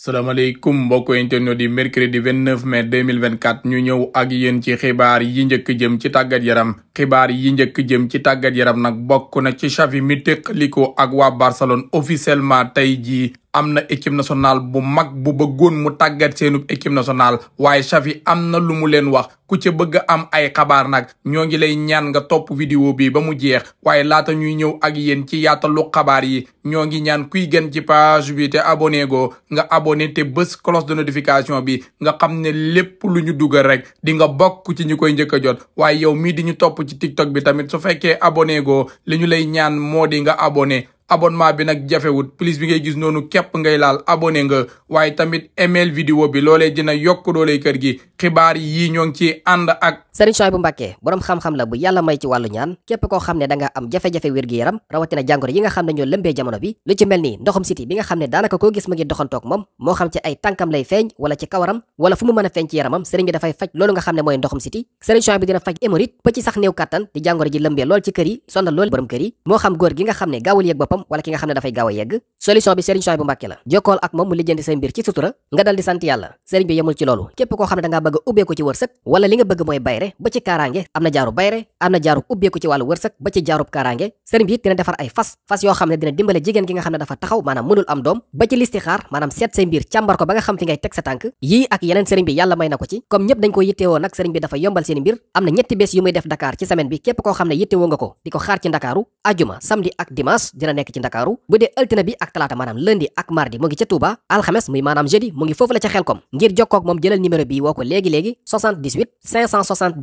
salaamaaleykum mbokk internet yi mercredi 29 mai 2024 ñu ñëw ak yéen ci xibaar yi njëkk jëm ci tàggat yaram xibaar yi njëkk jëm ci tàggat yaram nag bokk na ci Xavi mi tëqalikoo ak waa Barcelone officiellement tey jii am na équipe nationale bu mag bu bëggoon mu tàggat seenub équipe nationale waaye Xavi am na lu mu leen wax ku ci bëgg am ay xabaar nag ñoo ngi lay ñaan nga topp vidéo bi ba mu jeex waaye laata ñuy ñëw ak yéen ci yaatalu xabaar yi ñoo ngi ñaan kuy gën ci page bi te abonné go nga abone te bés cloche de notification bi nga xam ne lépp lu ñu dugal rek di nga bokk ci ñi koy njëkk a jot waaye yow mii di ñu topp ci TikTok bi tamit su fekkee abonné go li ñu lay ñaan moo di nga abonné abonnement bi nag jafewut plus bi nga gis noonu képp ngay laal abonné nga waaye tamit email vidéo bi loolee dina yokk doole kër gi xibaar yii ñoo ngi ci ànd ak Serigne Souhaïbou Mbacké borom xam-xam la bu yàlla may ci wàllu ñaan képp koo xam ne da am jafe-jafe wér-gi-yaram rawatina jàngoro yi nga xam ne ñoo lëmbee jamono bi lu ci mel ni ndoxum siti bi nga xam ne daanaka koo gis mu ngi doxantoog moom moo xam ci ay tànkam lay feeñ wala ci kawaram wala fu mu a ne mooy ndoxum siti Serigne Souhaïbou dina faj hémorroïde ba ci sax néew kàttan di jàngoro ji lëmbee lool ci kër yi sonal lool borom boppam ki nga xam ne dafay gaaw a yegg solution bi Serigne Souhaibou Mbacké la jokkool ak moom mu lijjanti say mbir ci sutura nga dal di yàlla Serigne bi yemul ci loolu képp koo xam ne dangaa bëgg ubbeeku ci wërsëg wala li nga bëgg mooy bayre ba ci kaaraange am na jaarub bayre am na jaarub ubbeeku ci wàllu wërsëg ba ci jaarub kaaraange Serigne bi dina defar ay fas fas yoo xam ne dina dimbale jigéen gi nga xam ne dafa taxaw maanaam mënul am doom ba ci nekk ci ndakaaru bu dee altine bi ak talaata maanaam lundi ak mardi mu ngi ca Touba alxames muy maanaam jeudi foofu la ca Xelkom ngir jokkoog moom jëlal numéro bi woo ko léegi-léegi 78 578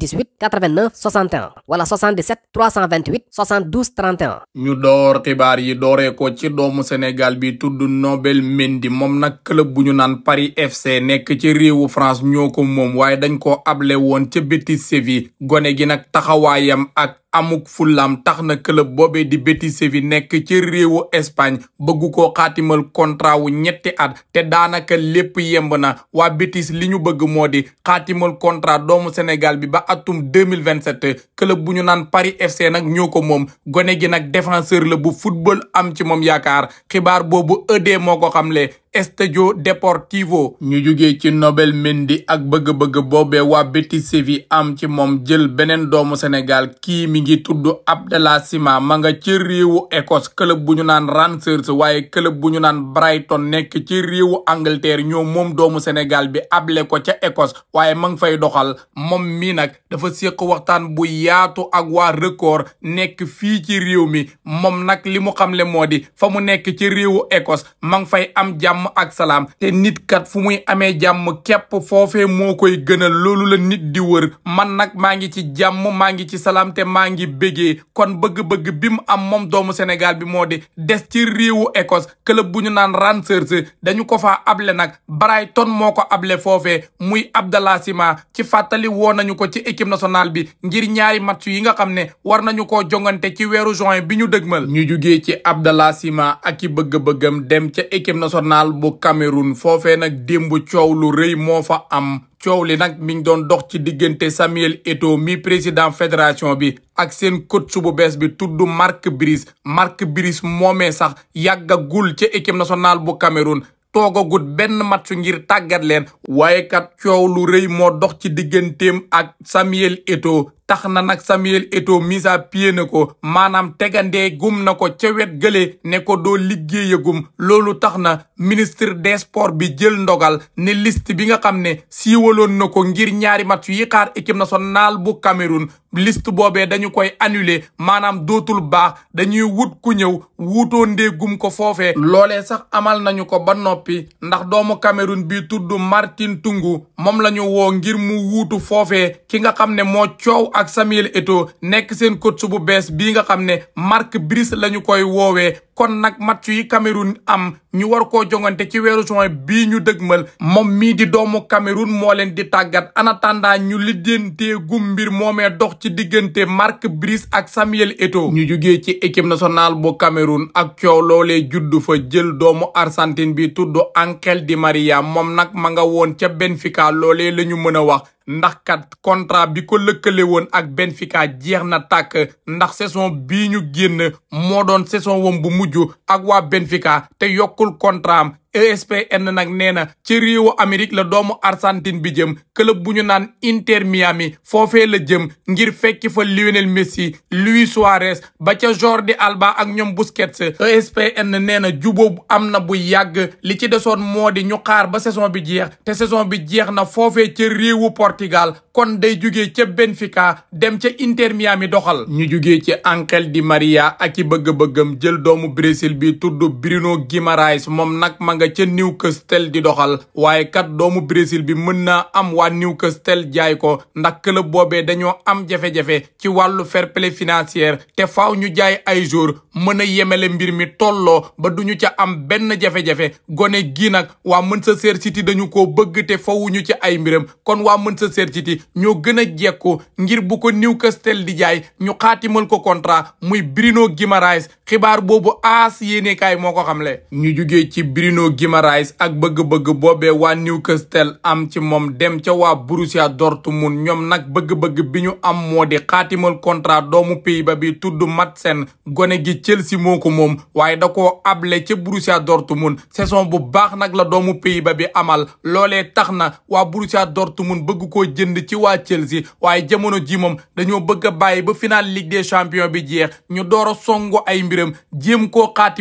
yi dooree ci doomu Sénégal bi tudd Nobel Mendy moom nag club naan Paris FC nekk ci réewu France ñoo moom waaye dañ ko able woon ca Betis Séville gone gi nag taxawaayam ak amuk fullaam tax na club boobee di Betis Séville nekk ci réewu Espagne bëgg koo xaatimal contrat wu ñetti at te daanaka lépp yemb na waa Betis li ñu bëgg moo di xaatimal contrat doomu Sénégal bi ba atum 2027 club bu ñu naan Paris FC nag ñoo ko moom gone gi nag défenseur la bu football am ci moom yaakaar xibaar boobu ëdee moo ko xamle Estadio Deportivo ñu jugee ci Nobel Mendy ak bëgg-bëgg boobe waa biti Séville am ci moom jël beneen doomu Sénégal kii mi ngi tudd Abdallah Sima ma nga ci réewu Écosse club bu ñu naan Rangers waaye club bu ñu naan Brighton nekk ci réewu Angleterre ñoo moom doomu Sénégal bi able ko ca Écosse waaye ma ngi fay doxal moom mii nag dafa séq waxtaan bu yaatu ak waa record nekk fii ci réew mi moom nag limu xam le moo di fa mu nekk ci réewu Écosse ma ngi fay am jàmm jàmm ak salaam te nit kat fu muy amee jàmm képp foofee moo koy gënal loolu la nit di wër man nag maa ngi ci jàmm maa ngi ci salaam te maa ngi bégee kon bëgg-bëgg bi mu am moom doomu Sénégal bi moo di des ci réewu Écosse club bu ñu naan Rangers dañu ko fa able nag Brighton moo ko able foofee muy Abdallah Sima ci fàttali woo nañu ko ci équipe national bi ngir ñaari match yi nga xam ne war nañu ko jongante ci weeru join bi ñu dëgmal ñu jugee ci Abdallah Sima ak i bëgg-bëggam dem ca équipe nationale national bu Cameroun foofee nag démb coow lu rëy moo fa am coow li nag mi ngi doon dox ci diggante Samuel Eto'o mi président fédération bi ak seen coach bu bees bi tudd Marc Brice Marc Brice moomee sax yàggagul ca équipe nationale bu Cameroun toogagut benn match ngir tàggat leen waaye kat coow lu rëy moo dox ci digganteem ak Samuel Eto'o tax na nag Samuel Eto'o mise à pied na ko maanaam tegandee gum na ko ca wet gële ne ko doo liggéeyagum loolu tax na ministre des sports bi jël ndogal ne list bi nga xam ne siiwaloon na ko ngir ñaari match yi na équipe naal bu Cameroun list boobee dañu koy annuler maanaam dootul baax dañuy wut ku ñëw wuutoo gum ko foofee loolee sax amal nañu ko ba noppi ndax doomu Cameroun bi tudd Martin Tungu moom la ñu woo ngir mu wuutu foofee ki nga xam ne moo coow ak Samuel Eto'o nekk seen coach bu bees bii nga xam ne Marc Brice la ñu koy woowee kon nag match yi Cameroun am ñu war koo jongante ci weeru juin bii ñu dëgmal moom mii di doomu Cameroun moo leen di tàggat en attendant ñu liggéeyantee gum mbir moomee dox ci diggante Marc Brice ak Samuel Eto'o ñu jugee ci équipe nationale bu Cameroun ak coow loolee juddu fa jël doomu Argentine bi tudd Ángel Di María moom nag ma nga woon ca Benfica loole la ñu mën a wax ndax kat contrat bi ko lëkkale woon ak Benfica jeex na tàkk ndax saison bii ñu génn moo doon saison wam bu mujj ak waa Benfica te yokkul contrat am ESPN nag nee na ci réewu Amérique la doomu Argentine bi jëm club bu ñu naan Inter Miami foofee la jëm ngir fekki fa Lionel Messi Luis Suarez ba ca Jordi Alba ak ñoom Busquets ESPN nee na jubóobu am na bu yàgg li ci desoon moo di ñu xaar ba saison bi jeex te saison bi jeex na foofee ca réewu Portugal kon day juge ca Benfica dem ca Inter Miami doxal ñu jugee ci Ángel Di Maria ak i bëgg-bëggam jël doomu Brésil bi tudd Bruno Guimarães moom nag nga ca Newcastle di doxal waaye kat doomu Brésil bi mën naa am waa Newcastle jaay ko ndax club boobee dañoo am jafe-jafe ci wàllu fair play financier te faw ñu jaay ay jour mën a yemele mbir mi tolloo ba duñu ca am benn jafe-jafe gone gi nag waa sa City dañu ko bëgg te fawuñu ci ay mbiram kon waa Manchester City ñoo gën a jekku ngir bu ko Newcastle di jaay ñu xaatimal ko contrat muy Bruno Guimaraes xibaar boobu aas yéene kaay moo ko ñu jugee ci Bruno Guimaraes ak bëgg-bëgg boobee waa Newcastle am ci moom dem ca waa Borussia Dortmund ñoom nag bëgg-bëgg bi ñu am moo di xaatimal contrat doomu pays ba bi tudd Madsen gone gi Chelsea moo ko moom waaye da koo able ca Borussia Dortmund saison bu baax nag la doomu pays ba bi amal loole tax na waa Borussia mun bëgg koo jënd ci waa Chelsea waaye jamono ji moom dañoo bëgg a bàyyi ba final Ligue des Champions bi jeex ñu door a songo ay mbiram jéem ko ca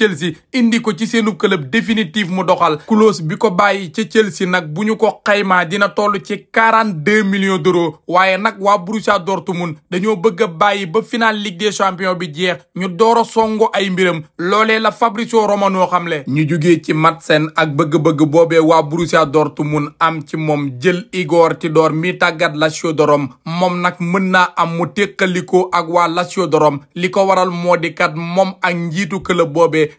Chelsea bàyyi ko ci seenu club définitive mu doxal clause bi ko bàyyi ca Chelsea nag bu ñu ko xayma dina toll ci quarante deux millions d'euros waaye nag waa Borussia mun dañoo bëgg a bàyyi ba final Ligue des champions bi jeex ñu door a songo ay mbiram loolee la Fabrizio Romano xamle. ñu jugee ci Madsen ak bëgg-bëgg boobee waa Borussia mun am ci moom jël Igor Tudor mi tàggat Lazio de Rome moom nag mën naa am mu teqalikoo ak waa Lazio de Rome waral moo kat moom ak njiitu club boobee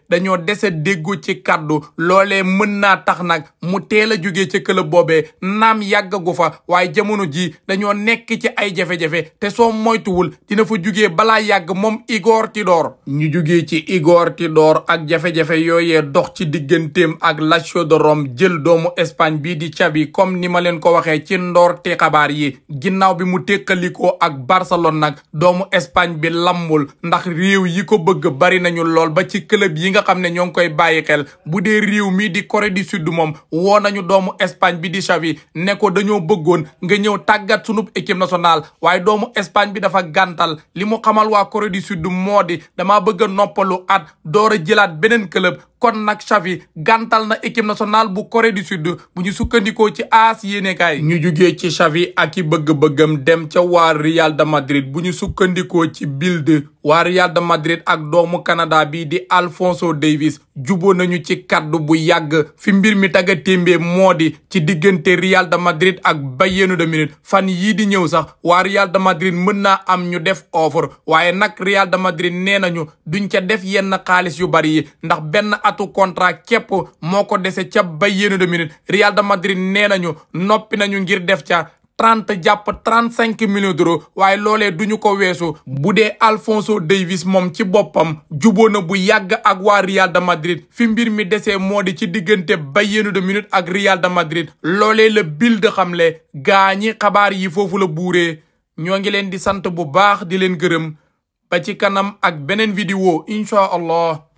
déggoo ci kàddu loolee mën naa tax nag mu teel a jógee ci club boobee naam yàggagu fa waaye jamono ji dañoo nekk ci ay jafe-jafe te soo moytuwul dina fa jugee balaa yàgg moom Igor Tudor ñu jugee ci Igor Tudor ak jafe-jafe yooyee dox ci diggantem ak Lazio de Rome jël doomu Espagne bii di cabi comme ni ma leen ko waxee ci ndoorte xabaar yi ginnaaw bi mu tekkalikoo ak Barcelone nag doomu Espagne bi lambul ndax réew yi bëgg bari nañu lool ba ci club yi nga xam ne ñoo koy bàyyi xel bu dee réew mii di Corée du Sud moom woo nañu doomu Espagne bi di Xavi ne ko dañoo bëggoon nga ñëw tàggat sunub équipe nationale waaye doomu Espagne bi dafa gantal li mu xamal waa Corée du Sud moo di damaa bëgg a noppalu at door a jëlaat beneen club kon nag Xavi gàntal na équipe nationale bu Corée du Sud bu ñu sukkandikoo ci AS yéenekaay ñu jugee ci Xavi ak i bëgg-bëggam dem ca waa Real de Madrid bu ñu sukkandikoo ci Bild waa Real de Madrid ak doomu Canada bi di Alphonso Davies juboo nañu ci kaddu bu yàgg fi mbir mi tagga témbee moo di ci diggante Real de Madrid ak Bayern de Munich fan yii di ñëw sax waa Real de Madrid mën naa am ñu def offre waaye nag Real de Madrid nee nañu duñ ca def yenn xaalis yu bari yi ñaatu contrat képp moo ko dese ca Bayern de Munich Real de Madrid nee nañu noppi nañu ngir def ca trente jàpp trente cinq millions d'euros waaye loolee duñu ko weesu bu dee Alphonso Davies moom ci boppam juboo na bu yàgg ak waa Real de Madrid fi mbir mi desee moo di ci diggante Bayern de Munich ak Real de Madrid loolee la Bild xamle gaañi xabaar yi foofu la buuree ñoo ngi leen di sant bu baax di leen gërëm ba ci kanam ak beneen vidéo incha allah